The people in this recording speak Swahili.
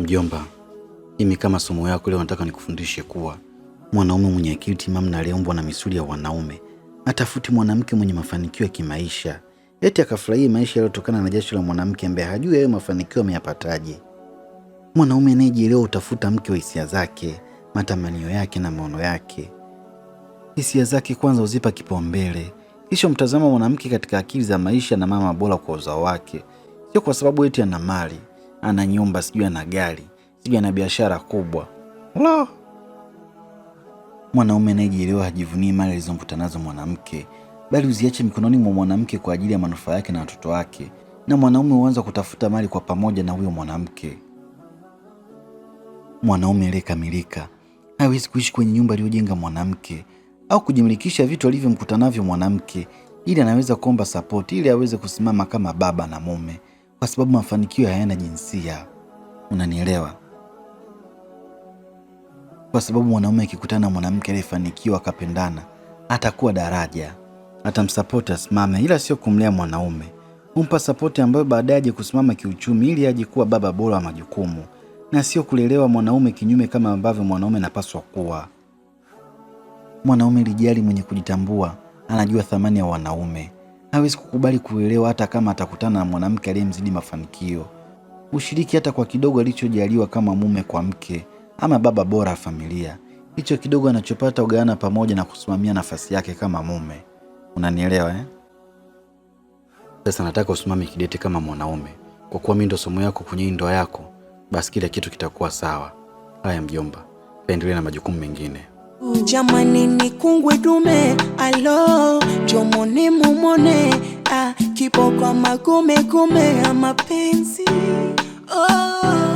Mjomba, mimi kama somo yako leo nataka nikufundishe kuwa mwanaume mwenye akili timamu na aliyeumbwa na misuli ya wanaume atafuti mwanamke mwenye mafanikio ya kimaisha, eti akafurahia maisha yaliyotokana na jasho la mwanamke ambaye hajui hayo mafanikio ameyapataje. Mwanaume anayejielewa utafuta mke wa hisia zake, matamanio yake na maono yake. Hisia zake kwanza huzipa kipaumbele, kisha mtazama mwanamke katika akili za maisha na mama bora kwa uzao wake, sio kwa sababu eti ana mali ana nyumba, sijui ana gari, sijui ana biashara kubwa. Lo, mwanaume anayejielewa hajivunii mali alizomkuta nazo mwanamke, bali uziache mikononi mwa mwanamke kwa ajili ya manufaa yake na watoto wake, na mwanaume huanza kutafuta mali kwa pamoja na huyo mwanamke. Mwanaume aliyekamilika hawezi kuishi kwenye nyumba aliyojenga mwanamke au kujimilikisha vitu alivyomkuta navyo mwanamke, ili anaweza kuomba sapoti ili aweze kusimama kama baba na mume kwa sababu mafanikio hayana jinsia, unanielewa? Kwa sababu mwanaume akikutana na mwanamke aliyefanikiwa akapendana, atakuwa daraja, atamsapoti asimame, ila sio kumlea mwanaume. Humpa sapoti ambayo baadaye aje kusimama kiuchumi, ili aje kuwa baba bora wa majukumu, na sio kulelewa mwanaume kinyume kama ambavyo mwanaume anapaswa kuwa. Mwanaume lijali mwenye kujitambua, anajua thamani ya wanaume hawezi kukubali kuelewa hata kama atakutana na mwanamke aliyemzidi mafanikio. Ushiriki hata kwa kidogo alichojaliwa kama mume kwa mke ama baba bora familia, hicho kidogo anachopata ugawana pamoja na kusimamia nafasi yake kama mume. Unanielewa eh? Sasa nataka usimame kidete kama mwanaume, kwa kuwa mimi ndo somo yako kwenye ndoa yako, basi kila kitu kitakuwa sawa. Haya mjomba, kaendelea na majukumu mengine. Jamani, ni kungwe dume alo jomoni umwone ah, kiboko ama kumekume ya mapenzi oh.